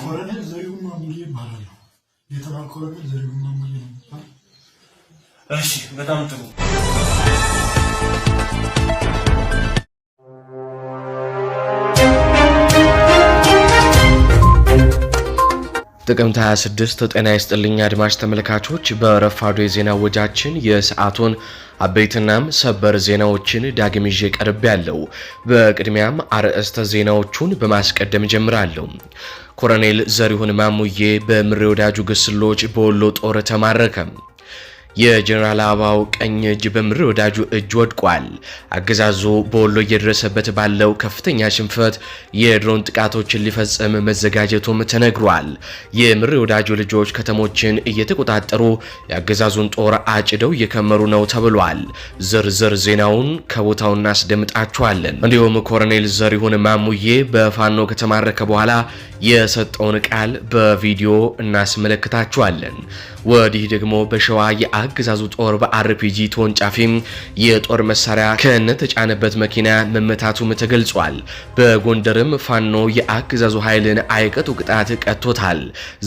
ኮሎኔል ዘሪሁን ማሙዬ ይባላል። የተባል ኮሎኔል ዘሪሁን ማሙዬ ነው። እሺ፣ በጣም ጥሩ ጥቅምት 26 ጤና ይስጥልኝ አድማጭ ተመልካቾች፣ በረፋዶ የዜና ወጃችን የሰዓቱን አበይትናም ሰበር ዜናዎችን ዳግም ይዤ ቀርብ ያለው። በቅድሚያም አርዕስተ ዜናዎቹን በማስቀደም ጀምራለሁ። ኮሎኔል ዘሪሁን ማሙዬ በምሬ ወዳጁ ግስሎች በወሎ ጦር ተማረከ። የጀኔራል አበባው ቀኝ እጅ በምድር ወዳጁ እጅ ወድቋል። አገዛዙ በወሎ እየደረሰበት ባለው ከፍተኛ ሽንፈት የድሮን ጥቃቶችን ሊፈጽም መዘጋጀቱም ተነግሯል። የምድር ወዳጁ ልጆች ከተሞችን እየተቆጣጠሩ የአገዛዙን ጦር አጭደው እየከመሩ ነው ተብሏል። ዝርዝር ዜናውን ከቦታው እናስደምጣችኋለን። እንዲሁም ኮሎኔል ዘሪሁን ማሙዬ በፋኖ ከተማረከ በኋላ የሰጠውን ቃል በቪዲዮ እናስመለክታችኋለን። ወዲህ ደግሞ በሸዋ የአገዛዙ ጦር በአርፒጂ ተወንጫፊ የጦር መሳሪያ ከነተጫነበት መኪና መመታቱም ተገልጿል። በጎንደርም ፋኖ የአገዛዙ ኃይልን አይቀጡ ቅጣት ቀጥቶታል።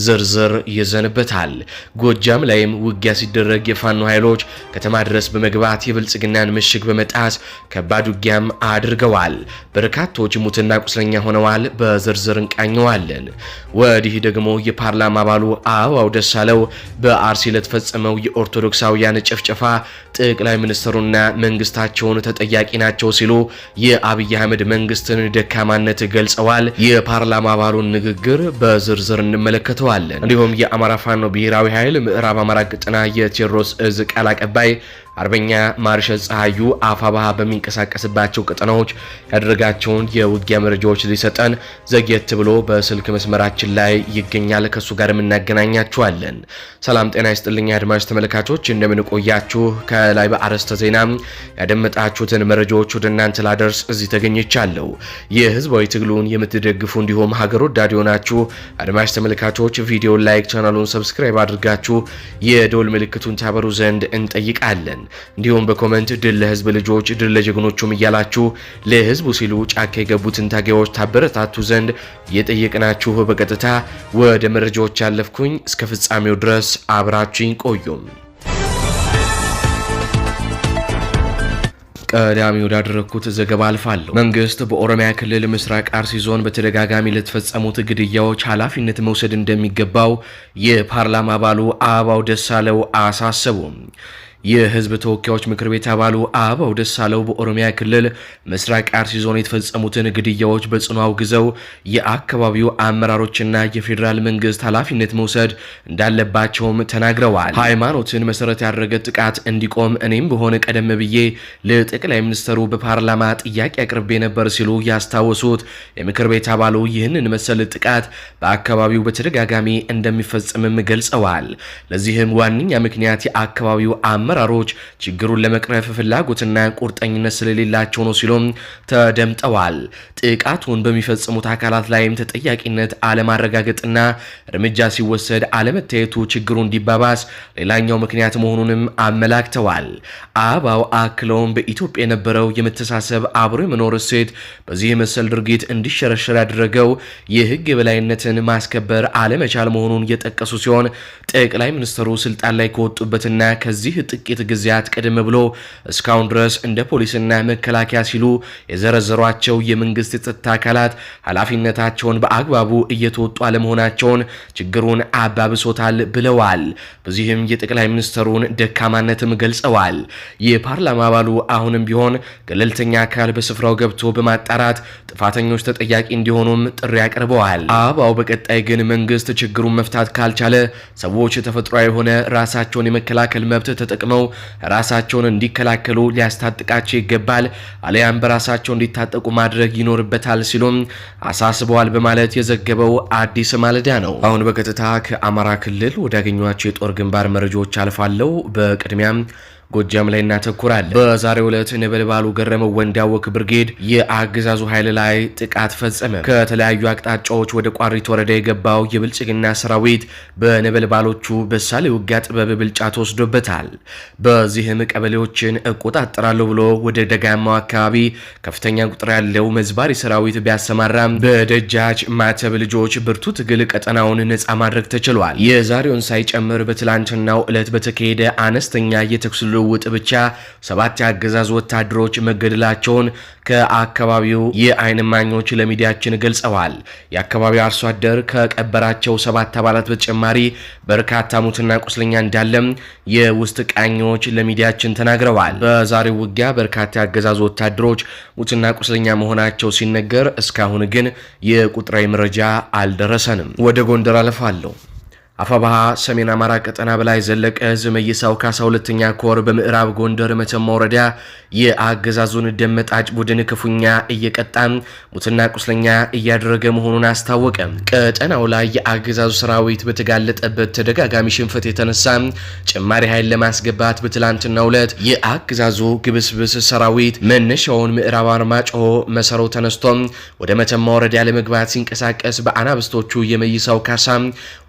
ዝርዝር ይዘንበታል። ጎጃም ላይም ውጊያ ሲደረግ የፋኖ ኃይሎች ከተማ ድረስ በመግባት የብልጽግናን ምሽግ በመጣስ ከባድ ውጊያም አድርገዋል። በርካቶች ሙትና ቁስለኛ ሆነዋል። በዝርዝር እንቃኘዋለን። ወዲህ ደግሞ የፓርላማ አባሉ አበባው ደሳለው በአርሲ ለተፈጸመው የኦርቶዶክስ ለኦርቶዶክሳውያን ጭፍጨፋ ጠቅላይ ሚኒስትሩና መንግስታቸውን ተጠያቂ ናቸው ሲሉ የአብይ አህመድ መንግስትን ደካማነት ገልጸዋል። የፓርላማ አባሉን ንግግር በዝርዝር እንመለከተዋለን። እንዲሁም የአማራ ፋኖ ብሔራዊ ኃይል ምዕራብ አማራ ቅጥና የቴዎድሮስ እዝ ቃል አቀባይ አርበኛ ማርሻል ፀሐዩ አፋባሃ በሚንቀሳቀስባቸው ቀጠናዎች ያደረጋቸውን የውጊያ መረጃዎች ሊሰጠን ዘግየት ብሎ በስልክ መስመራችን ላይ ይገኛል። ከእሱ ጋር እናገናኛቸዋለን። ሰላም ጤና ይስጥልኝ አድማጭ ተመልካቾች፣ እንደምንቆያችሁ ከላይ በአርዕስተ ዜና ያደመጣችሁትን መረጃዎች ወደ እናንተ ላደርስ እዚህ ተገኝቻለሁ። ይህ ህዝባዊ ትግሉን የምትደግፉ እንዲሁም ሀገር ወዳድ የሆናችሁ አድማጭ ተመልካቾች ቪዲዮ ላይክ፣ ቻናሉን ሰብስክራይብ አድርጋችሁ የደወል ምልክቱን ታበሩ ዘንድ እንጠይቃለን። እንዲሁም በኮመንት ድል ለህዝብ ልጆች፣ ድል ለጀግኖቹም እያላችሁ ለህዝቡ ሲሉ ጫካ የገቡትን ታጋዮች ታበረታቱ ዘንድ የጠየቅናችሁ በቀጥታ ወደ መረጃዎች ያለፍኩኝ። እስከ ፍጻሜው ድረስ አብራችኝ ቆዩም። ቀዳሚ ወዳደረግኩት ዘገባ አልፋለሁ። መንግስት በኦሮሚያ ክልል ምስራቅ አርሲ ዞን በተደጋጋሚ ለተፈጸሙት ግድያዎች ኃላፊነት መውሰድ እንደሚገባው የፓርላማ አባሉ አበባው ደሳለው አሳሰቡም። የህዝብ ተወካዮች ምክር ቤት አባሉ አበባው ደሳለው በኦሮሚያ ክልል ምስራቅ አርሲ ዞን የተፈጸሙትን ግድያዎች በጽኑ አውግዘው የአካባቢው አመራሮችና የፌዴራል መንግስት ኃላፊነት መውሰድ እንዳለባቸውም ተናግረዋል። ሃይማኖትን መሰረት ያደረገ ጥቃት እንዲቆም እኔም በሆነ ቀደም ብዬ ለጠቅላይ ሚኒስትሩ በፓርላማ ጥያቄ አቅርቤ ነበር ሲሉ ያስታወሱት የምክር ቤት አባሉ ይህንን መሰል ጥቃት በአካባቢው በተደጋጋሚ እንደሚፈጸምም ገልጸዋል። ለዚህም ዋነኛ ምክንያት የአካባቢው አመራሮች ችግሩን ለመቅረፍ ፍላጎትና ቁርጠኝነት ስለሌላቸው ነው ሲሉም ተደምጠዋል። ጥቃቱን በሚፈጽሙት አካላት ላይም ተጠያቂነት አለማረጋገጥና እርምጃ ሲወሰድ አለመታየቱ ችግሩ እንዲባባስ ሌላኛው ምክንያት መሆኑንም አመላክተዋል። አባው አክለውም በኢትዮጵያ የነበረው የመተሳሰብ አብሮ የመኖር እሴት በዚህ የመሰል ድርጊት እንዲሸረሸር ያደረገው የህግ የበላይነትን ማስከበር አለመቻል መሆኑን የጠቀሱ ሲሆን ጠቅላይ ሚኒስትሩ ስልጣን ላይ ከወጡበትና ከዚህ ጥቂት ጊዜያት ቀደም ብሎ እስካሁን ድረስ እንደ ፖሊስና መከላከያ ሲሉ የዘረዘሯቸው የመንግስት የጸጥታ አካላት ኃላፊነታቸውን በአግባቡ እየተወጡ አለመሆናቸውን ችግሩን አባብሶታል ብለዋል። በዚህም የጠቅላይ ሚኒስትሩን ደካማነትም ገልጸዋል። የፓርላማ አባሉ አሁንም ቢሆን ገለልተኛ አካል በስፍራው ገብቶ በማጣራት ጥፋተኞች ተጠያቂ እንዲሆኑም ጥሪ አቅርበዋል። አባው በቀጣይ ግን መንግስት ችግሩን መፍታት ካልቻለ ሰዎች ተፈጥሯዊ የሆነ ራሳቸውን የመከላከል መብት ተጠቅ ተጠቅመው ራሳቸውን እንዲከላከሉ ሊያስታጥቃቸው ይገባል፣ አሊያም በራሳቸው እንዲታጠቁ ማድረግ ይኖርበታል ሲሉም አሳስበዋል በማለት የዘገበው አዲስ ማለዳ ነው። አሁን በቀጥታ ከአማራ ክልል ወዳገኟቸው የጦር ግንባር መረጃዎች አልፋለሁ። በቅድሚያም ጎጃም ላይ እናተኩራለን። በዛሬው ዕለት ነበልባሉ ገረመው ወንዳወክ ብርጌድ የአገዛዙ ኃይል ላይ ጥቃት ፈጸመ። ከተለያዩ አቅጣጫዎች ወደ ቋሪት ወረዳ የገባው የብልጽግና ሰራዊት በነበልባሎቹ በሳል ውጊያ ጥበብ ብልጫ ተወስዶበታል። በዚህም ቀበሌዎችን እቆጣጠራለሁ ብሎ ወደ ደጋማው አካባቢ ከፍተኛ ቁጥር ያለው መዝባሪ ሰራዊት ቢያሰማራም በደጃች ማተብ ልጆች ብርቱ ትግል ቀጠናውን ነፃ ማድረግ ተችሏል። የዛሬውን ሳይጨምር በትላንትናው ዕለት በተካሄደ አነስተኛ የተኩስ ልውውጥ ብቻ ሰባት የአገዛዝ ወታደሮች መገደላቸውን ከአካባቢው የአይን ማኞች ለሚዲያችን ገልጸዋል። የአካባቢው አርሶ አደር ከቀበራቸው ሰባት አባላት በተጨማሪ በርካታ ሙትና ቁስለኛ እንዳለም የውስጥ ቃኞች ለሚዲያችን ተናግረዋል። በዛሬው ውጊያ በርካታ የአገዛዝ ወታደሮች ሙትና ቁስለኛ መሆናቸው ሲነገር እስካሁን ግን የቁጥራዊ መረጃ አልደረሰንም። ወደ ጎንደር አለፋለሁ። አፋባሃ ሰሜን አማራ ቀጠና በላይ ዘለቀ ህዝብ መይሳው ካሳ ሁለተኛ ኮር በምዕራብ ጎንደር መተማ ወረዳ የአገዛዙን ደመጣጭ ቡድን ክፉኛ እየቀጣ ሙትና ቁስለኛ እያደረገ መሆኑን አስታወቀ። ቀጠናው ላይ የአገዛዙ ሰራዊት በተጋለጠበት ተደጋጋሚ ሽንፈት የተነሳ ጭማሪ ኃይል ለማስገባት በትላንትናው ዕለት የአገዛዙ ግብስብስ ሰራዊት መነሻውን ምዕራብ አርማጭሆ መሰሮ ተነስቶ ወደ መተማ ወረዳ ለመግባት ሲንቀሳቀስ በአናብስቶቹ የመይሳው ካሳ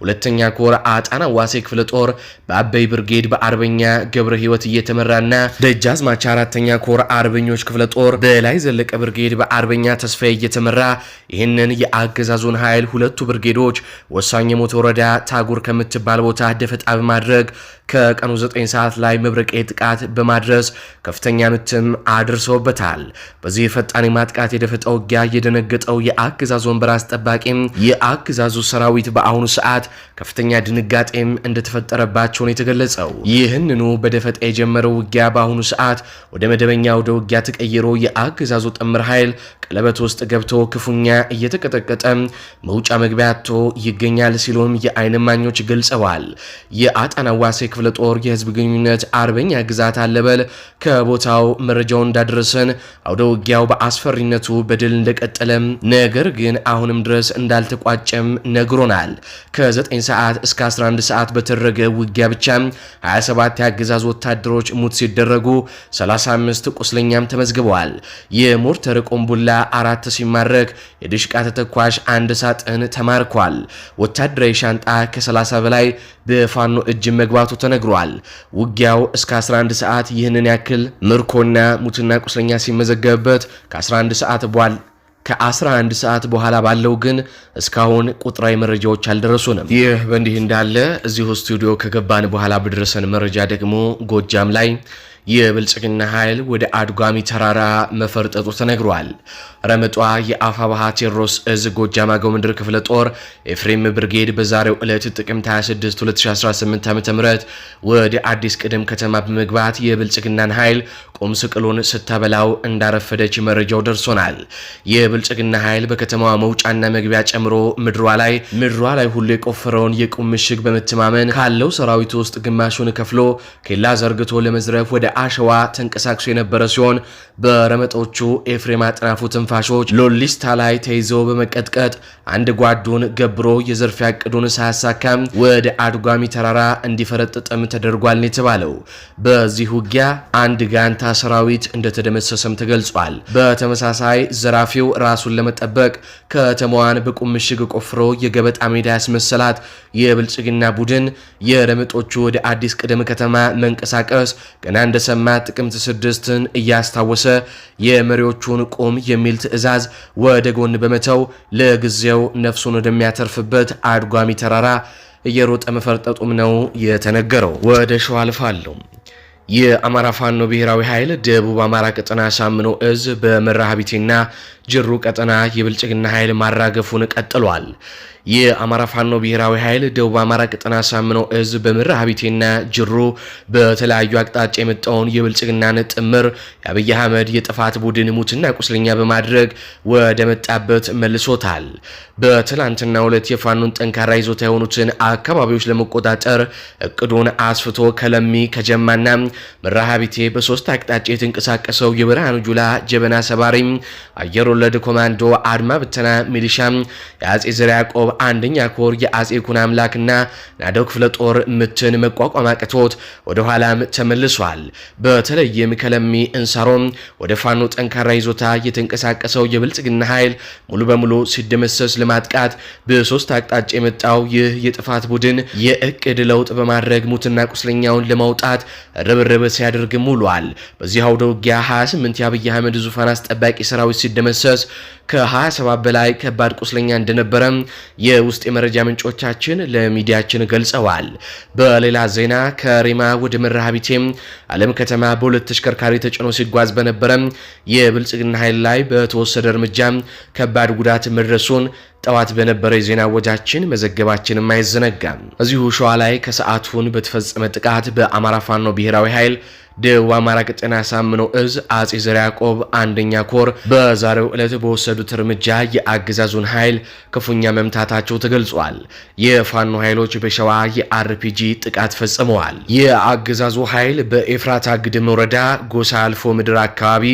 ሁለተኛ ኮር አጣና ዋሴ ክፍለ ጦር በአበይ ብርጌድ በአርበኛ ገብረ ህይወት እየተመራና ደጃዝማች አራተኛ ኮር አርበኞች ክፍለ ጦር በላይ ዘለቀ ብርጌድ በአርበኛ ተስፋዬ እየተመራ ይህንን የአገዛዙን ኃይል ሁለቱ ብርጌዶች ወሳኝ የሞት ወረዳ ታጉር ከምትባል ቦታ ደፈጣ በማድረግ ከቀኑ 9 ሰዓት ላይ መብረቄ ጥቃት በማድረስ ከፍተኛ ምትም አድርሶበታል። በዚህ ፈጣን ማጥቃት የደፈጠ ውጊያ የደነገጠው የአገዛዙ ወንበር አስጠባቂም የአገዛዙ ሰራዊት በአሁኑ ሰዓት ከፍተኛ ድንጋጤም እንደተፈጠረባቸው ነው የተገለጸው። ይህንኑ በደፈጣ የጀመረው ውጊያ በአሁኑ ሰዓት ወደ መደበኛ ወደ ውጊያ ተቀይሮ የአገዛዙ ጥምር ኃይል ቀለበት ውስጥ ገብቶ ክፉኛ እየተቀጠቀጠ መውጫ መግቢያ አጥቶ ይገኛል ሲሉም የአይን እማኞች ገልጸዋል። የአጣና ዋሴ ክፍለ ጦር የህዝብ ግንኙነት አርበኛ ግዛት አለበል ከቦታው መረጃው እንዳደረሰን አውደ ውጊያው በአስፈሪነቱ በድል እንደቀጠለም ነገር ግን አሁንም ድረስ እንዳልተቋጨም ነግሮናል። ከ9 ሰዓት እስከ 11 ሰዓት በተደረገ ውጊያ ብቻ 27 የአገዛዝ ወታደሮች ሙት ሲደረጉ 35 ቁስለኛም ተመዝግበዋል። የሞርተር ቆምቡላ አራት ሲማረክ የድሽቃ ተተኳሽ አንድ ሳጥን ተማርኳል። ወታደራዊ ሻንጣ ከ30 በላይ በፋኖ እጅ መግባቱ ተነግሯል። ውጊያው እስከ 11 ሰዓት ይህንን ያክል ምርኮና ሙትና ቁስለኛ ሲመዘገብበት ከ11 ሰዓት በኋላ ከ11 ሰዓት በኋላ ባለው ግን እስካሁን ቁጥራዊ መረጃዎች አልደረሱንም። ይህ በእንዲህ እንዳለ እዚሁ ስቱዲዮ ከገባን በኋላ በደረሰን መረጃ ደግሞ ጎጃም ላይ የብልጽግና ኃይል ወደ አድጓሚ ተራራ መፈርጠጡ ተነግሯል። ረመጧ የአፋ ባሃ ቴዎድሮስ እዝ ጎጃም አገው ምድር ክፍለ ጦር ኤፍሬም ብርጌድ በዛሬው ዕለት ጥቅምት 26 2018 ዓ ም ወደ አዲስ ቅደም ከተማ በመግባት የብልጽግናን ኃይል ቁም ስቅሉን ስታበላው እንዳረፈደች መረጃው ደርሶናል። የብልጽግና ኃይል በከተማዋ መውጫና መግቢያ ጨምሮ ምድሯ ላይ ምድሯ ላይ ሁሉ የቆፈረውን የቁም ምሽግ በመተማመን ካለው ሰራዊት ውስጥ ግማሹን ከፍሎ ኬላ ዘርግቶ ለመዝረፍ ወደ አሸዋ ተንቀሳቅሶ የነበረ ሲሆን በረመጦቹ ኤፍሬም አጥናፉ ትንፋሾች ሎሊስታ ላይ ተይዘው በመቀጥቀጥ አንድ ጓዱን ገብሮ የዘርፊያ እቅዱን ሳያሳካም ወደ አድጓሚ ተራራ እንዲፈረጥጥም ተደርጓል የተባለው። በዚህ ውጊያ አንድ ጋንታ ሰራዊት እንደተደመሰሰም ተገልጿል። በተመሳሳይ ዘራፊው ራሱን ለመጠበቅ ከተማዋን በቁምሽግ ቆፍሮ የገበጣ ሜዳ ያስመሰላት የብልጽግና ቡድን የረመጦቹ ወደ አዲስ ቅደም ከተማ መንቀሳቀስ ገና እንደ ተሰማ ጥቅምት ስድስትን እያስታወሰ የመሪዎቹን ቁም የሚል ትዕዛዝ ወደ ጎን በመተው ለጊዜው ነፍሱን ወደሚያተርፍበት አድጓሚ ተራራ እየሮጠ መፈርጠጡም ነው የተነገረው። ወደ ሸዋ አልፋለሁ። የአማራ ፋኖ ብሔራዊ ኃይል ደቡብ አማራ ቀጠና ሳምኖ እዝ በመራሃቢቴና ጅሩ ቀጠና የብልጽግና ኃይል ማራገፉን ቀጥሏል። የአማራ ፋኖ ብሔራዊ ኃይል ደቡብ አማራ ቀጠና ሳምነው እዝ በምርሃቢቴና ጅሩ በተለያዩ አቅጣጫ የመጣውን የብልጽግናን ጥምር የአብይ አህመድ የጥፋት ቡድን ሙትና ቁስለኛ በማድረግ ወደ መጣበት መልሶታል። በትላንትና ሁለት የፋኖን ጠንካራ ይዞታ የሆኑትን አካባቢዎች ለመቆጣጠር እቅዱን አስፍቶ ከለሚ ከጀማና ምራሃቢቴ በሶስት አቅጣጫ የተንቀሳቀሰው የብርሃኑ ጁላ ጀበና ሰባሪ አየሩ ወለድ ኮማንዶ አድማ ብተና ሚሊሻ የአጼ ዘር ያዕቆብ አንደኛ ኮር የአጼ ኩን አምላክና ናደው ክፍለ ጦር ምትን መቋቋም አቅቶት ወደ ኋላም ተመልሷል። በተለይም ከለሚ እንሳሮም ወደ ፋኖ ጠንካራ ይዞታ የተንቀሳቀሰው የብልጽግና ኃይል ሙሉ በሙሉ ሲደመሰስ ለማጥቃት በሶስት አቅጣጫ የመጣው ይህ የጥፋት ቡድን የእቅድ ለውጥ በማድረግ ሙትና ቁስለኛውን ለማውጣት ርብርብ ሲያደርግም ውሏል። በዚህ አውደ ውጊያ 28 የአብይ አህመድ ዙፋን አስጠባቂ ሰራዊት ሲደመሰስ ሲደመሰስ ከ27 በላይ ከባድ ቁስለኛ እንደነበረ የውስጥ የመረጃ ምንጮቻችን ለሚዲያችን ገልጸዋል። በሌላ ዜና ከሬማ ወደ መርሃቤቴም አለም ከተማ በሁለት ተሽከርካሪ ተጭኖ ሲጓዝ በነበረ የብልጽግና ኃይል ላይ በተወሰደ እርምጃ ከባድ ጉዳት መድረሱን ጠዋት በነበረ የዜና ወጃችን መዘገባችንም አይዘነጋም። እዚሁ ሸዋ ላይ ከሰዓቱን በተፈጸመ ጥቃት በአማራ ፋኖ ብሔራዊ ኃይል ደቡብ አማራ ቀጠና ያሳምነው እዝ አጼ ዘር ያዕቆብ አንደኛ ኮር በዛሬው ዕለት በወሰዱት እርምጃ የአገዛዙን ኃይል ክፉኛ መምታታቸው ተገልጿል። የፋኖ ኃይሎች በሸዋ የአርፒጂ ጥቃት ፈጽመዋል። የአገዛዙ ኃይል በኤፍራት ግድም ወረዳ ጎሳ አልፎ ምድር አካባቢ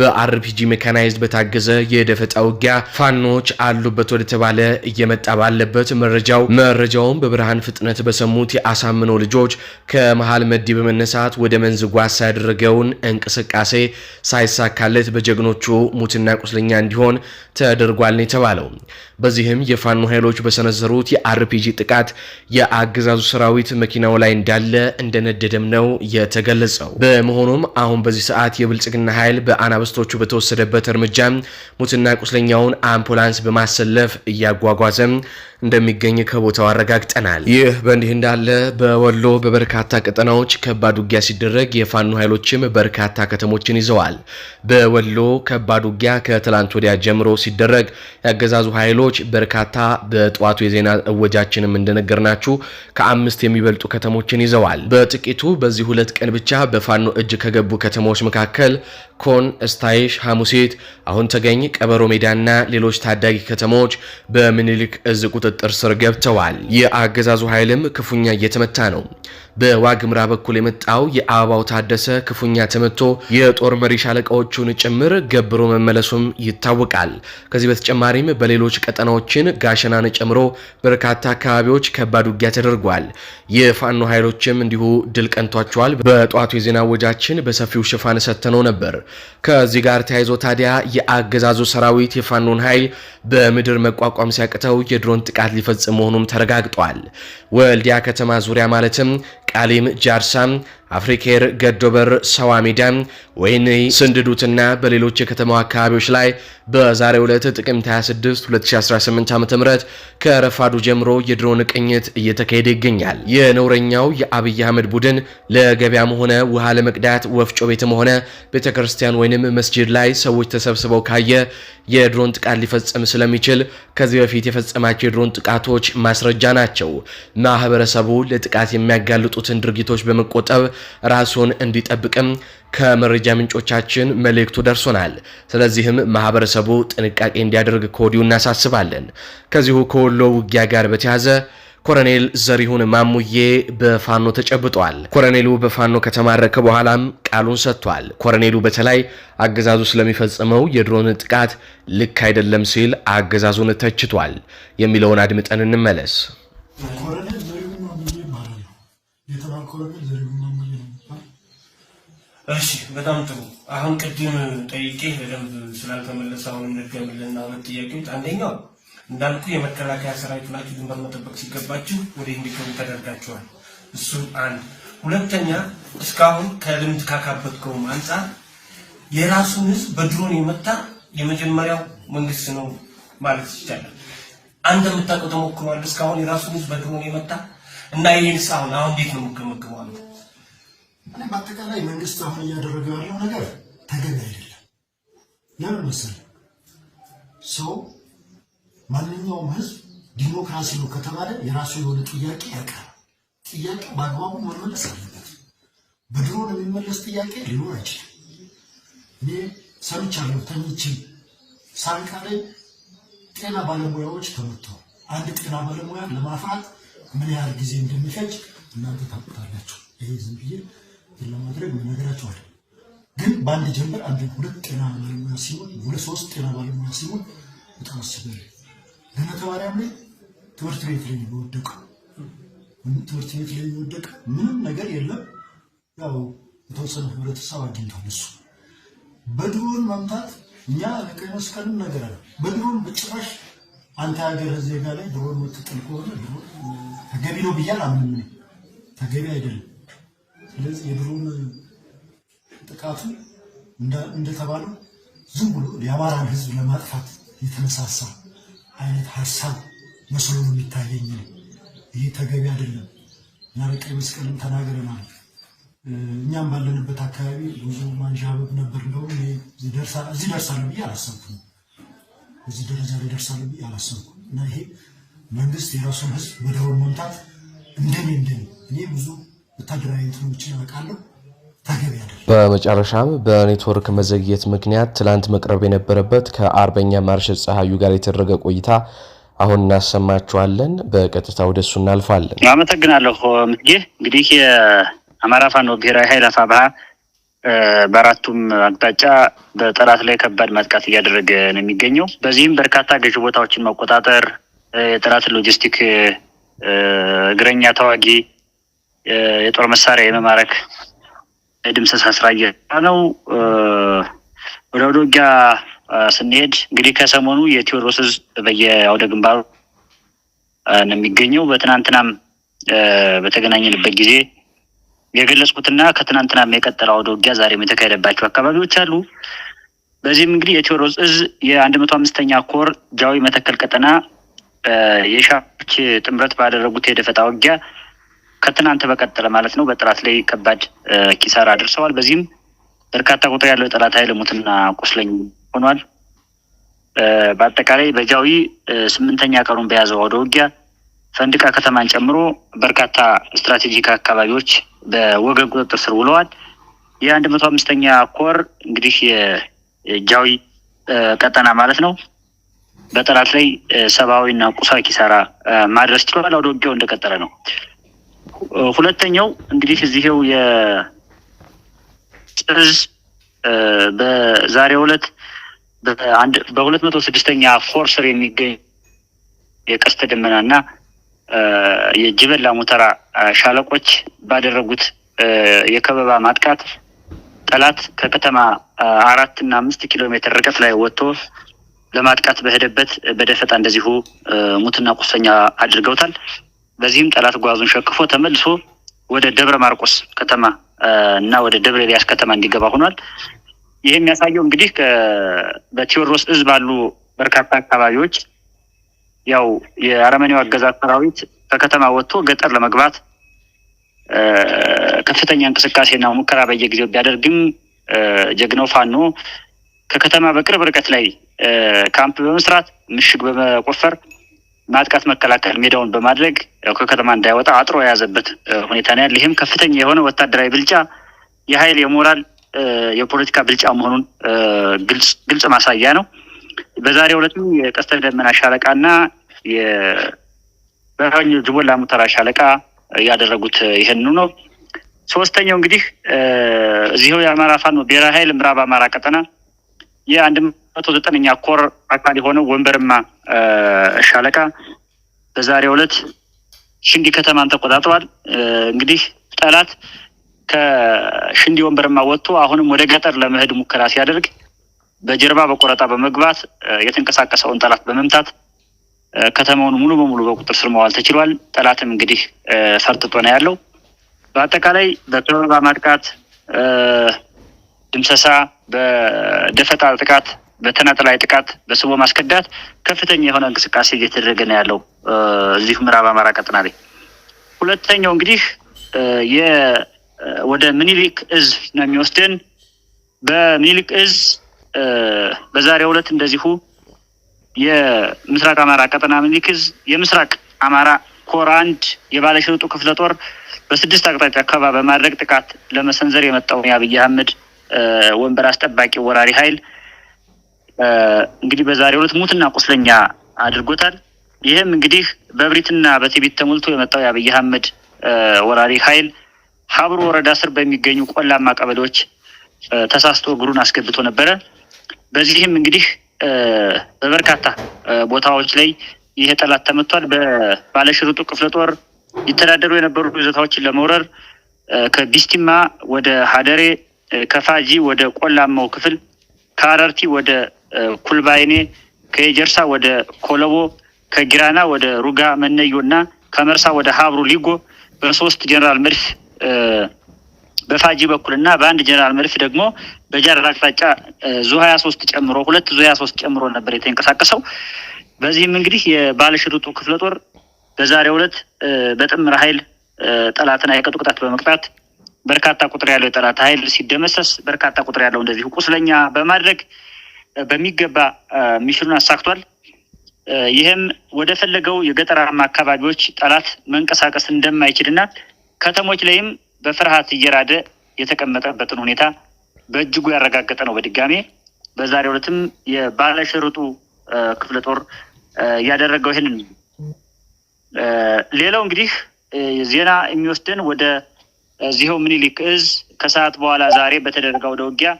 በአርፒጂ ሜካናይዝድ በታገዘ የደፈጣ ውጊያ ፋኖች አሉበት ወደተባለ እየመጣ ባለበት መረጃው መረጃውን በብርሃን ፍጥነት በሰሙት የአሳምነው ልጆች ከመሃል መዲ በመነሳት ወደ መንዝጓ እንዲጓዝ ያደረገውን እንቅስቃሴ ሳይሳካለት በጀግኖቹ ሙትና ቁስለኛ እንዲሆን ተደርጓል ነው የተባለው። በዚህም የፋኖ ኃይሎች በሰነዘሩት የአርፒጂ ጥቃት የአገዛዙ ሰራዊት መኪናው ላይ እንዳለ እንደነደደም ነው የተገለጸው። በመሆኑም አሁን በዚህ ሰዓት የብልጽግና ኃይል በአናብስቶቹ በተወሰደበት እርምጃ ሙትና ቁስለኛውን አምፑላንስ በማሰለፍ እያጓጓዘም እንደሚገኝ ከቦታው አረጋግጠናል። ይህ በእንዲህ እንዳለ በወሎ በበርካታ ቀጠናዎች ከባድ ውጊያ ሲደረግ የፋኖ ኃይሎችም በርካታ ከተሞችን ይዘዋል። በወሎ ከባድ ውጊያ ከትላንት ወዲያ ጀምሮ ሲደረግ ያገዛዙ ኃይሎች ከተሞች በርካታ በጠዋቱ የዜና እወጃችንም እንደነገርናችሁ ከአምስት የሚበልጡ ከተሞችን ይዘዋል። በጥቂቱ በዚህ ሁለት ቀን ብቻ በፋኖ እጅ ከገቡ ከተሞች መካከል ኮን፣ ስታይሽ ሐሙሴት አሁን ተገኝ፣ ቀበሮ ሜዳና ሌሎች ታዳጊ ከተሞች በምኒልክ እዝ ቁጥጥር ስር ገብተዋል። የአገዛዙ ኃይልም ክፉኛ እየተመታ ነው። በዋግምራ በኩል የመጣው የአበባው ታደሰ ክፉኛ ተመቶ የጦር መሪ ሻለቃዎቹን ጭምር ገብሮ መመለሱም ይታወቃል። ከዚህ በተጨማሪም በሌሎች ቀጠናዎችን ጋሸናን ጨምሮ በርካታ አካባቢዎች ከባድ ውጊያ ተደርጓል። የፋኖ ኃይሎችም እንዲሁ ድል ቀንቷቸዋል። በጠዋቱ የዜና ወጃችን በሰፊው ሽፋን ሰጥተነው ነበር። ከዚህ ጋር ተያይዞ ታዲያ የአገዛዙ ሰራዊት የፋኖን ኃይል በምድር መቋቋም ሲያቅተው የድሮን ጥቃት ሊፈጽም መሆኑም ተረጋግጧል። ወልዲያ ከተማ ዙሪያ ማለትም ቃሊም፣ ጃርሳም አፍሪኬር ገዶበር ሰዋ ወይኒ ወይኔ ስንድዱትና በሌሎች የከተማው አካባቢዎች ላይ በዛሬው ዕለት ጥቅምት 26 2018 ዓ ም ከረፋዱ ጀምሮ የድሮን ቅኝት እየተካሄደ ይገኛል። የነውረኛው የአብይ አህመድ ቡድን ለገበያም ሆነ ውሃ ለመቅዳት ወፍጮ ቤትም ሆነ ቤተ ክርስቲያን ወይንም መስጂድ ላይ ሰዎች ተሰብስበው ካየ የድሮን ጥቃት ሊፈጽም ስለሚችል ከዚህ በፊት የፈጸማቸው የድሮን ጥቃቶች ማስረጃ ናቸው። ማህበረሰቡ ለጥቃት የሚያጋልጡትን ድርጊቶች በመቆጠብ ራሱን እንዲጠብቅም ከመረጃ ምንጮቻችን መልእክቱ ደርሶናል። ስለዚህም ማህበረሰቡ ጥንቃቄ እንዲያደርግ ከወዲሁ እናሳስባለን። ከዚሁ ከወሎ ውጊያ ጋር በተያዘ ኮረኔል ዘሪሁን ማሙዬ በፋኖ ተጨብጧል። ኮረኔሉ በፋኖ ከተማረከ በኋላም ቃሉን ሰጥቷል። ኮረኔሉ በተለይ አገዛዙ ስለሚፈጽመው የድሮን ጥቃት ልክ አይደለም ሲል አገዛዙን ተችቷል። የሚለውን አድምጠን እንመለስ። ኮረኔል ዘሪሁን ማሙዬ ይባላል። እሺ በጣም ጥሩ። አሁን ቅድም ጠይቄ በደንብ ስላልተመለሰ አሁን እንድገምልና ሁለት ጥያቄዎች። አንደኛው እንዳልኩ የመከላከያ ሰራዊት ናችሁ፣ ድንበር መጠበቅ ሲገባችሁ ወደ እንዲገቡ ተደርጋችኋል። እሱ አንድ። ሁለተኛ እስካሁን ከልምድ ካካበትከውም አንጻር የራሱን ህዝብ በድሮን የመታ የመጀመሪያው መንግስት ነው ማለት ይቻላል። አንተ የምታውቀው ተሞክሯል እስካሁን የራሱን ህዝብ በድሮን የመታ እና ይህን አሁን አሁን እንዴት ነው የምገመገመው? እኔ በአጠቃላይ መንግስት አሁን እያደረገ ያለው ነገር ተገቢ አይደለም። ለምን መሰለህ? ሰው ማንኛውም ህዝብ ዲሞክራሲ ነው ከተባለ የራሱ የሆነ ጥያቄ ያቀርባል። ጥያቄ በአግባቡ መመለስ አለበት። በድሮን የሚመለስ ጥያቄ ሊኖር አይችልም። እኔ ሰምቻለሁ። ተኝቼ ሳንቃ ላይ ጤና ባለሙያዎች ተመጥተዋል። አንድ ጤና ባለሙያ ለማፍራት ምን ያህል ጊዜ እንደሚፈጅ እናንተ ታውቃላችሁ። ይሄ ዝም ብዬ ለማድረግ ነገራቸዋል። ግን በአንድ ጀንበር አንድ ሁለት ጤና ባለሙያ ሲሆን ሁለት ሶስት ጤና ባለሙያ ሲሆን በጣም አስበል ገነተ ላይ ትምህርት ቤት ላይ የወደቀ ትምህርት ቤት ላይ የወደቀ ምንም ነገር የለም። ያው የተወሰነ ህብረተሰብ አግኝቷል። እሱ በድሮን መምታት እኛ ለቀይ መስቀልም ነገር አለ። በድሮን በጭራሽ አንተ ሀገር ዜጋ ላይ ድሮን ምትጥል ከሆነ ተገቢ ነው ብያል አምንም ተገቢ አይደለም። ስለዚህ የድሮን ጥቃቱ እንደተባለው ዝም ብሎ የአማራን ህዝብ ለማጥፋት የተነሳሳ አይነት ሀሳብ መስሎ ነው የሚታየኝ ነው። ይህ ተገቢ አይደለም። እኛ ለቀይ መስቀልም ተናግረናል። እኛም ባለንበት አካባቢ ብዙ ማንዣበብ ነበር። እንደውም እዚህ ደርሳለሁ ብዬ አላሰብኩም። እዚህ ደረጃ ላይ ደርሳለሁ ብዬ አላሰብኩም እና ይሄ መንግስት የራሱን ህዝብ በድሮን መምታት እንደኔ እንደኔ እኔ ብዙ ወታደራዊ እንትኖችን በመጨረሻም በኔትወርክ መዘግየት ምክንያት ትላንት መቅረብ የነበረበት ከአርበኛ ማርሻል ፀሐዩ ጋር የተደረገ ቆይታ አሁን እናሰማችኋለን። በቀጥታ ወደሱ እናልፋለን። አመሰግናለሁ ምትጌ። እንግዲህ የአማራ ፋኖ ብሔራዊ ኃይል አፋብሃ በአራቱም አቅጣጫ በጠላት ላይ ከባድ ማጥቃት እያደረገ ነው የሚገኘው። በዚህም በርካታ ገዢ ቦታዎችን መቆጣጠር፣ የጠላት ሎጂስቲክ እግረኛ ተዋጊ የጦር መሳሪያ የመማረክ የድምሰሳ ስራ እየሰራ ነው። ወደ አውደ ውጊያ ስንሄድ እንግዲህ ከሰሞኑ የቴዎድሮስ እዝ በየአውደ ግንባሩ ነው የሚገኘው። በትናንትናም በተገናኘንበት ጊዜ የገለጽኩትና ከትናንትናም የቀጠለው አውደ ውጊያ ዛሬም የተካሄደባቸው አካባቢዎች አሉ። በዚህም እንግዲህ የቴዎድሮስ እዝ የአንድ መቶ አምስተኛ ኮር ጃዊ መተከል ቀጠና የሻች ጥምረት ባደረጉት የደፈጣ ውጊያ ከትናንት በቀጠለ ማለት ነው በጠላት ላይ ከባድ ኪሳራ አድርሰዋል። በዚህም በርካታ ቁጥር ያለው የጠላት ኃይል ሙትና ቁስለኝ ሆኗል። በአጠቃላይ በጃዊ ስምንተኛ ቀኑን በያዘው አውደ ውጊያ ፈንድቃ ከተማን ጨምሮ በርካታ ስትራቴጂክ አካባቢዎች በወገን ቁጥጥር ስር ውለዋል። የአንድ መቶ አምስተኛ ኮር እንግዲህ የጃዊ ቀጠና ማለት ነው በጠላት ላይ ሰብአዊና ቁሳዊ ኪሳራ ማድረስ ችሏል። አውደ ውጊያው እንደቀጠለ ነው። ሁለተኛው እንግዲህ እዚህው የጥዝ በዛሬው ዕለት በሁለት መቶ ስድስተኛ ፎርስር የሚገኝ የቀስተ ደመናና የጅበላ ሙተራ ሻለቆች ባደረጉት የከበባ ማጥቃት ጠላት ከከተማ አራት እና አምስት ኪሎ ሜትር ርቀት ላይ ወጥቶ ለማጥቃት በሄደበት በደፈጣ እንደዚሁ ሙትና ቁሰኛ አድርገውታል። በዚህም ጠላት ጓዙን ሸክፎ ተመልሶ ወደ ደብረ ማርቆስ ከተማ እና ወደ ደብረ ኤልያስ ከተማ እንዲገባ ሆኗል። ይህ የሚያሳየው እንግዲህ በቴዎድሮስ እዝ ባሉ በርካታ አካባቢዎች ያው የአረመኔው አገዛዝ ሰራዊት ከከተማ ወጥቶ ገጠር ለመግባት ከፍተኛ እንቅስቃሴና ሙከራ በየጊዜው ቢያደርግም ጀግናው ፋኖ ከከተማ በቅርብ ርቀት ላይ ካምፕ በመስራት ምሽግ በመቆፈር ማጥቃት መከላከል ሜዳውን በማድረግ ከከተማ እንዳይወጣ አጥሮ የያዘበት ሁኔታ ነው ያለ። ይህም ከፍተኛ የሆነ ወታደራዊ ብልጫ፣ የሀይል የሞራል የፖለቲካ ብልጫ መሆኑን ግልጽ ማሳያ ነው። በዛሬ ሁለቱ የቀስተ ደመና ሻለቃ እና የበረኞ ጅቦላ ሙተራ ሻለቃ ያደረጉት ይህንኑ ነው። ሶስተኛው እንግዲህ እዚሁ የአማራ ፋኖ ብሔራዊ ሀይል ምዕራብ አማራ ቀጠና የአንድ መቶ ዘጠነኛ ኮር አካል የሆነው ወንበርማ ሻለቃ በዛሬው ዕለት ሽንዲ ከተማን ተቆጣጥሯል። እንግዲህ ጠላት ከሽንዲ ወንበርማ ወጥቶ አሁንም ወደ ገጠር ለመሄድ ሙከራ ሲያደርግ በጀርባ በቆረጣ በመግባት የተንቀሳቀሰውን ጠላት በመምታት ከተማውን ሙሉ በሙሉ በቁጥር ስር መዋል ተችሏል። ጠላትም እንግዲህ ፈርጥጦ ነው ያለው። በአጠቃላይ በከበባ ማጥቃት፣ ድምሰሳ፣ በደፈጣ ጥቃት በተናጠ ላይ ጥቃት በስቦ ማስከዳት ከፍተኛ የሆነ እንቅስቃሴ እየተደረገ ነው ያለው እዚሁ ምዕራብ አማራ ቀጥና ላይ። ሁለተኛው እንግዲህ ወደ ምኒሊክ እዝ ነው የሚወስደን። በምኒልክ እዝ በዛሬው ዕለት እንደዚሁ የምስራቅ አማራ ቀጠና ምኒልክ እዝ የምስራቅ አማራ ኮር አንድ የባለሽርጡ ክፍለ ጦር በስድስት አቅጣጫ ከባ በማድረግ ጥቃት ለመሰንዘር የመጣውን የአብይ አህመድ ወንበር አስጠባቂ ወራሪ ኃይል እንግዲህ በዛሬው ዕለት ሙትና ቁስለኛ አድርጎታል። ይህም እንግዲህ በእብሪትና በትዕቢት ተሞልቶ የመጣው የአብይ አህመድ ወራሪ ኃይል ሀብሩ ወረዳ ስር በሚገኙ ቆላማ ቀበሌዎች ተሳስቶ እግሩን አስገብቶ ነበረ። በዚህም እንግዲህ በበርካታ ቦታዎች ላይ ይሄ ጠላት ተመቷል። በባለሽርጡ ክፍለ ጦር ይተዳደሩ የነበሩ ይዞታዎችን ለመውረር ከቢስቲማ ወደ ሀደሬ፣ ከፋጂ ወደ ቆላማው ክፍል፣ ከአረርቲ ወደ ኩልባይኔ፣ ከኤጀርሳ ወደ ኮለቦ፣ ከጊራና ወደ ሩጋ መነዮ እና ከመርሳ ወደ ሀብሩ ሊጎ በሶስት ጀነራል መድፍ በፋጂ በኩል እና በአንድ ጀነራል መድፍ ደግሞ በጃር አቅጣጫ ዙ ሀያ ሶስት ጨምሮ ሁለት ዙ ሀያ ሶስት ጨምሮ ነበር የተንቀሳቀሰው። በዚህም እንግዲህ የባለሽርጡ ክፍለ ጦር በዛሬው ዕለት በጥምር ኃይል ጠላትን አይቀጡ ቅጣት በመቅጣት በርካታ ቁጥር ያለው የጠላት ኃይል ሲደመሰስ በርካታ ቁጥር ያለው እንደዚሁ ቁስለኛ በማድረግ በሚገባ ሚሽኑን አሳክቷል። ይህም ወደፈለገው የገጠራማ አካባቢዎች ጠላት መንቀሳቀስ እንደማይችልና ከተሞች ላይም በፍርሃት እየራደ የተቀመጠበትን ሁኔታ በእጅጉ ያረጋገጠ ነው። በድጋሜ በዛሬው ዕለትም የባለሽርጡ ክፍለ ጦር ያደረገው ይህንን። ሌላው እንግዲህ ዜና የሚወስደን ወደ ዚኸው ምኒልክ እዝ ከሰዓት በኋላ ዛሬ በተደረገ ወደ ውጊያ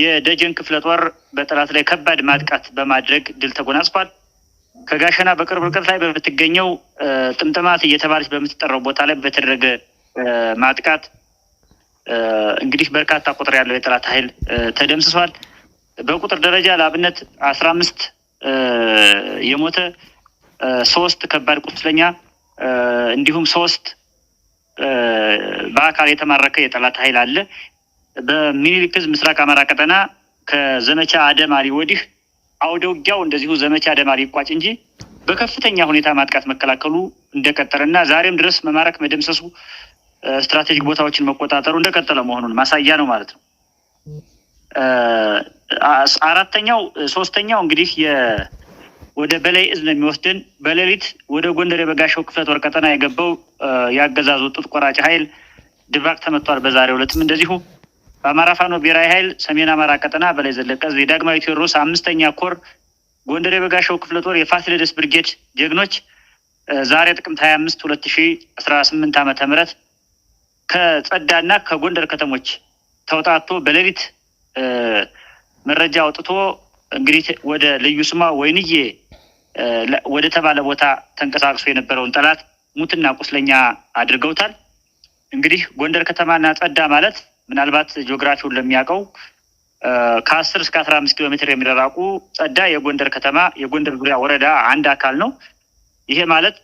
የደጀን ክፍለ ጦር በጠላት ላይ ከባድ ማጥቃት በማድረግ ድል ተጎናጽፏል። ከጋሸና በቅርብ ርቀት ላይ በምትገኘው ጥምጥማት እየተባለች በምትጠራው ቦታ ላይ በተደረገ ማጥቃት እንግዲህ በርካታ ቁጥር ያለው የጠላት ኃይል ተደምስሷል። በቁጥር ደረጃ ለአብነት አስራ አምስት የሞተ ሶስት ከባድ ቁስለኛ እንዲሁም ሶስት በአካል የተማረከ የጠላት ኃይል አለ። በሚኒሊክ ህዝብ ምስራቅ አማራ ቀጠና ከዘመቻ አደማሪ ወዲህ አውደ ውጊያው እንደዚሁ ዘመቻ አደማሪ ይቋጭ እንጂ በከፍተኛ ሁኔታ ማጥቃት መከላከሉ እንደቀጠለ እና ዛሬም ድረስ መማረክ መደምሰሱ፣ ስትራቴጂክ ቦታዎችን መቆጣጠሩ እንደቀጠለ መሆኑን ማሳያ ነው ማለት ነው። አራተኛው ሶስተኛው እንግዲህ ወደ በላይ እዝ ነው የሚወስድን። በሌሊት ወደ ጎንደር የበጋሻው ክፍለ ጦር ቀጠና የገባው የአገዛዙ ጡት ቆራጭ ኃይል ድባቅ ተመቷል። በዛሬው ዕለትም እንደዚሁ በአማራ ፋኖ ብሔራዊ ኃይል ሰሜን አማራ ቀጠና በላይ ዘለቀ የዳግማዊ ቴዎድሮስ አምስተኛ ኮር ጎንደር የበጋሻው ክፍለ ጦር የፋሲለደስ ብርጌድ ጀግኖች ዛሬ ጥቅምት ሀያ አምስት ሁለት ሺ አስራ ስምንት ዓመተ ምህረት ከጸዳና ከጎንደር ከተሞች ተውጣቶ በሌሊት መረጃ አውጥቶ እንግዲህ ወደ ልዩ ስሟ ወይንዬ ወደ ተባለ ቦታ ተንቀሳቅሶ የነበረውን ጠላት ሙትና ቁስለኛ አድርገውታል። እንግዲህ ጎንደር ከተማና ጸዳ ማለት ምናልባት ጂኦግራፊውን ለሚያውቀው ከአስር እስከ አስራ አምስት ኪሎ ሜትር የሚራራቁ ጸዳ የጎንደር ከተማ የጎንደር ዙሪያ ወረዳ አንድ አካል ነው። ይሄ ማለት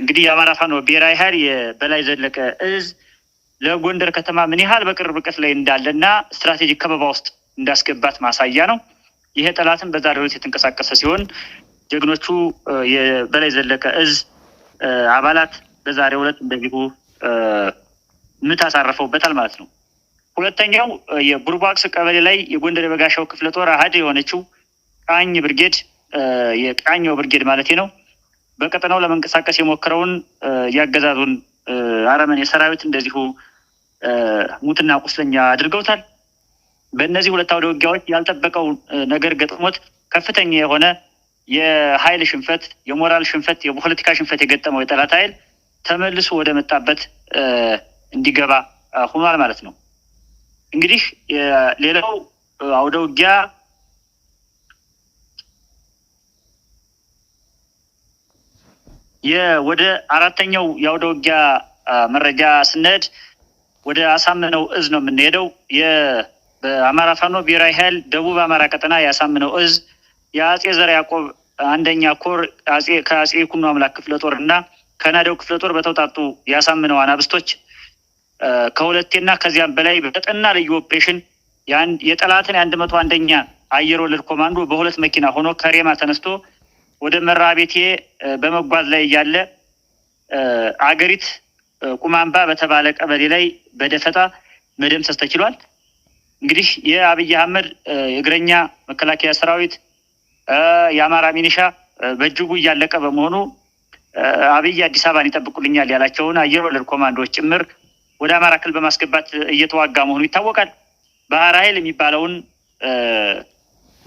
እንግዲህ የአማራ ፋኖ ብሔራዊ ኃይል የበላይ ዘለቀ እዝ ለጎንደር ከተማ ምን ያህል በቅርብ ርቀት ላይ እንዳለ እንዳለና ስትራቴጂክ ከበባ ውስጥ እንዳስገባት ማሳያ ነው። ይሄ ጠላትን በዛ ሌሎት የተንቀሳቀሰ ሲሆን ጀግኖቹ የበላይ ዘለቀ እዝ አባላት በዛሬው ዕለት እንደዚሁ ምት አሳረፈውበታል ማለት ነው። ሁለተኛው የቡርባክስ ቀበሌ ላይ የጎንደር የበጋሻው ክፍለ ጦር አህድ የሆነችው ቃኝ ብርጌድ የቃኘው ብርጌድ ማለት ነው በቀጠናው ለመንቀሳቀስ የሞክረውን ያገዛዙን አረመኔ ሰራዊት እንደዚሁ ሙትና ቁስለኛ አድርገውታል። በእነዚህ ሁለት አውደ ውጊያዎች ያልጠበቀው ነገር ገጥሞት ከፍተኛ የሆነ የኃይል ሽንፈት፣ የሞራል ሽንፈት፣ የፖለቲካ ሽንፈት የገጠመው የጠላት ኃይል ተመልሶ ወደ መጣበት እንዲገባ ሆኗል ማለት ነው። እንግዲህ ሌላው አውደ ውጊያ ወደ አራተኛው የአውደ ውጊያ መረጃ ስንሄድ ወደ አሳምነው እዝ ነው የምንሄደው። በአማራ ፋኖ ብሔራዊ ኃይል ደቡብ አማራ ቀጠና የአሳምነው እዝ የአጼ ዘር ያዕቆብ አንደኛ ኮር ከአጼ ይኩኖ አምላክ ክፍለ ጦር እና ከናደው ክፍለ ጦር በተውጣጡ የአሳምነው አናብስቶች ከሁለቴና ከዚያም በላይ በጠና ልዩ ኦፕሬሽን የጠላትን የአንድ መቶ አንደኛ አየር ወለድ ኮማንዶ በሁለት መኪና ሆኖ ከሬማ ተነስቶ ወደ መራ ቤቴ በመጓዝ ላይ እያለ አገሪት ቁማንባ በተባለ ቀበሌ ላይ በደፈጣ መደምሰስ ተችሏል። እንግዲህ የአብይ አህመድ የእግረኛ መከላከያ ሰራዊት የአማራ ሚኒሻ በእጅጉ እያለቀ በመሆኑ አብይ አዲስ አበባን ይጠብቁልኛል ያላቸውን አየር ወለድ ኮማንዶዎች ጭምር ወደ አማራ ክልል በማስገባት እየተዋጋ መሆኑ ይታወቃል። ባህር ኃይል የሚባለውን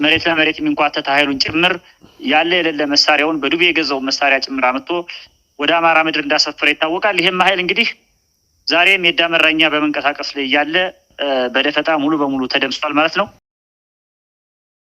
መሬት ለመሬት የሚንኳተት ኃይሉን ጭምር ያለ የሌለ መሳሪያውን በዱቤ የገዛውን መሳሪያ ጭምር አመጥቶ ወደ አማራ ምድር እንዳሰፈረ ይታወቃል። ይህም ኃይል እንግዲህ ዛሬም የዳመራኛ በመንቀሳቀስ ላይ እያለ በደፈጣ ሙሉ በሙሉ ተደምስቷል ማለት ነው።